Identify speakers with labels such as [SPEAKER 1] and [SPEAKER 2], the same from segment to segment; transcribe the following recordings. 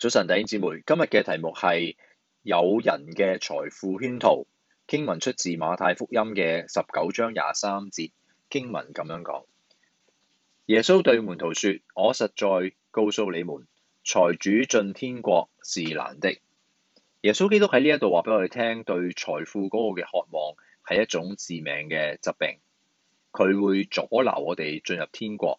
[SPEAKER 1] 早晨，弟兄姊妹，今日嘅題目係誘人嘅財富圈套。經文出自馬太福音嘅十九章廿三節，經文咁樣講：耶穌對門徒說：我實在告訴你們，財主進天國是難的。耶穌基督喺呢一度話俾我哋聽，對財富嗰個嘅渴望係一種致命嘅疾病，佢會阻撓我哋進入天國。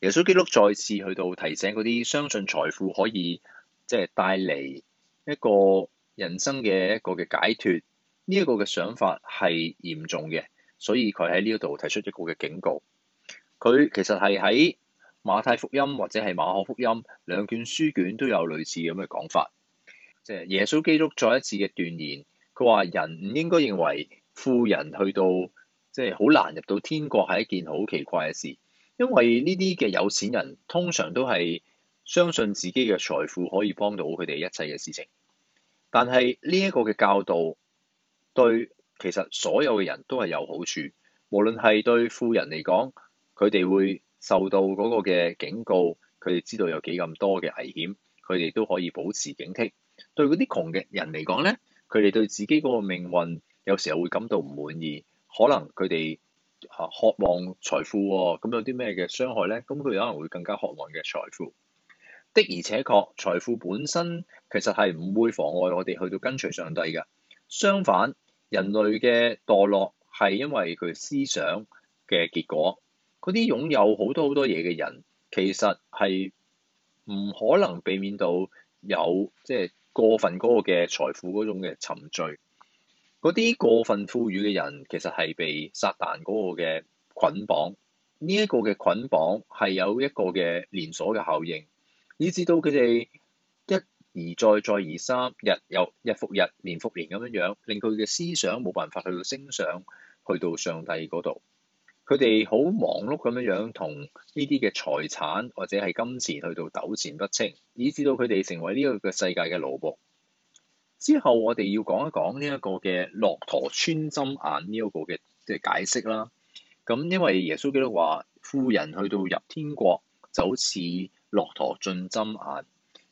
[SPEAKER 1] 耶穌基督再次去到提醒嗰啲相信財富可以即係帶嚟一個人生嘅一個嘅解脫，呢一個嘅想法係嚴重嘅，所以佢喺呢度提出一個嘅警告。佢其實係喺馬太福音或者係馬可福音兩卷書卷都有類似咁嘅講法，即係耶穌基督再一次嘅斷言，佢話人唔應該認為富人去到即係好難入到天國，係一件好奇怪嘅事。因為呢啲嘅有錢人通常都係相信自己嘅財富可以幫到佢哋一切嘅事情，但係呢一個嘅教導對其實所有嘅人都係有好處，無論係對富人嚟講，佢哋會受到嗰個嘅警告，佢哋知道有幾咁多嘅危險，佢哋都可以保持警惕對。對嗰啲窮嘅人嚟講咧，佢哋對自己嗰個命運有時候會感到唔滿意，可能佢哋。吓，渴望財富，哦，咁有啲咩嘅傷害咧？咁佢可能會更加渴望嘅財富。的而且確，財富本身其實係唔會妨礙我哋去到跟隨上帝嘅。相反，人類嘅墮落係因為佢思想嘅結果。嗰啲擁有好多好多嘢嘅人，其實係唔可能避免到有即係、就是、過分嗰個嘅財富嗰種嘅沉醉。嗰啲過分富裕嘅人，其實係被撒旦嗰個嘅捆綁。呢、這、一個嘅捆綁係有一個嘅連鎖嘅效應，以至到佢哋一而再、再而三、日又日復日、連復年復年咁樣樣，令佢嘅思想冇辦法去到升上去到上帝嗰度。佢哋好忙碌咁樣樣，同呢啲嘅財產或者係金錢去到糾纏不清，以至到佢哋成為呢個嘅世界嘅奴僕。之後，我哋要講一講呢一個嘅駱駝穿針眼呢一個嘅即係解釋啦。咁因為耶穌基督話：富人去到入天國，就好似駱駝進針眼。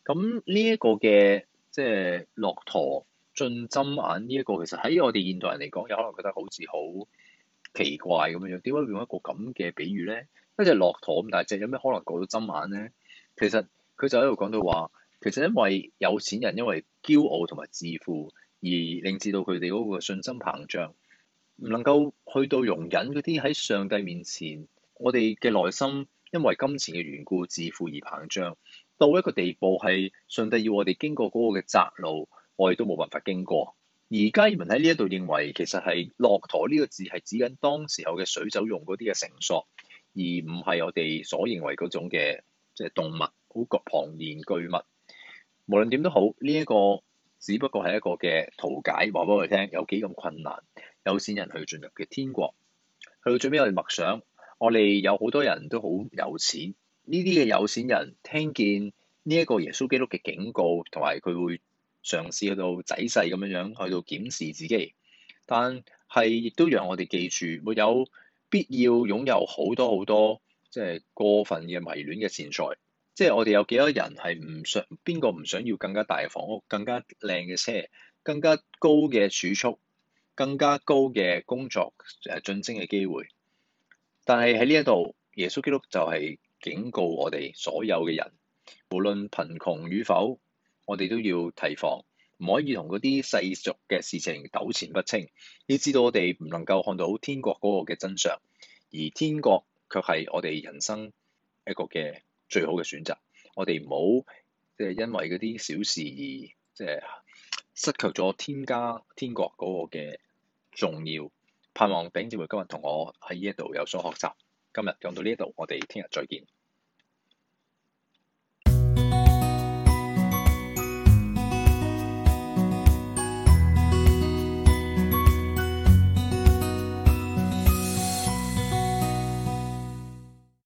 [SPEAKER 1] 咁呢一個嘅即係駱駝進針眼呢一個，其實喺我哋現代人嚟講，有可能覺得好似好奇怪咁樣樣。點解用一個咁嘅比喻咧？一隻駱駝咁大隻，有咩可能過到針眼咧？其實佢就喺度講到話。其實因為有錢人因為驕傲同埋自負，而令至到佢哋嗰個信心膨脹，唔能夠去到容忍嗰啲喺上帝面前，我哋嘅內心因為金錢嘅緣故自負而膨脹，到一個地步係上帝要我哋經過嗰個嘅窄路，我哋都冇辦法經過。而加爾文喺呢一度認為，其實係駱駝呢個字係指緊當時候嘅水手用嗰啲嘅繩索，而唔係我哋所認為嗰種嘅即係動物好龐然巨物。無論點都好，呢一個只不過係一個嘅圖解，話俾我哋聽有幾咁困難，有錢人去進入嘅天國。去到最尾我哋默想，我哋有好多人都好有錢，呢啲嘅有錢人聽見呢一個耶穌基督嘅警告，同埋佢會嘗試去到仔細咁樣樣去到檢視自己。但係亦都讓我哋記住，沒有必要擁有好多好多即係過分嘅迷戀嘅錢財。即係我哋有幾多人係唔想，邊個唔想要更加大嘅房屋、更加靚嘅車、更加高嘅儲蓄、更加高嘅工作誒晉升嘅機會？但係喺呢一度，耶穌基督就係警告我哋所有嘅人，無論貧窮與否，我哋都要提防，唔可以同嗰啲世俗嘅事情糾纏不清。要知道我哋唔能夠看到天國嗰個嘅真相，而天國卻係我哋人生一個嘅。最好嘅選擇，我哋唔好即係因為嗰啲小事而即係失去咗天家、天國嗰個嘅重要。盼望頂住會今日同我喺呢一度有所學習。今日講到呢一度，我哋聽日再見。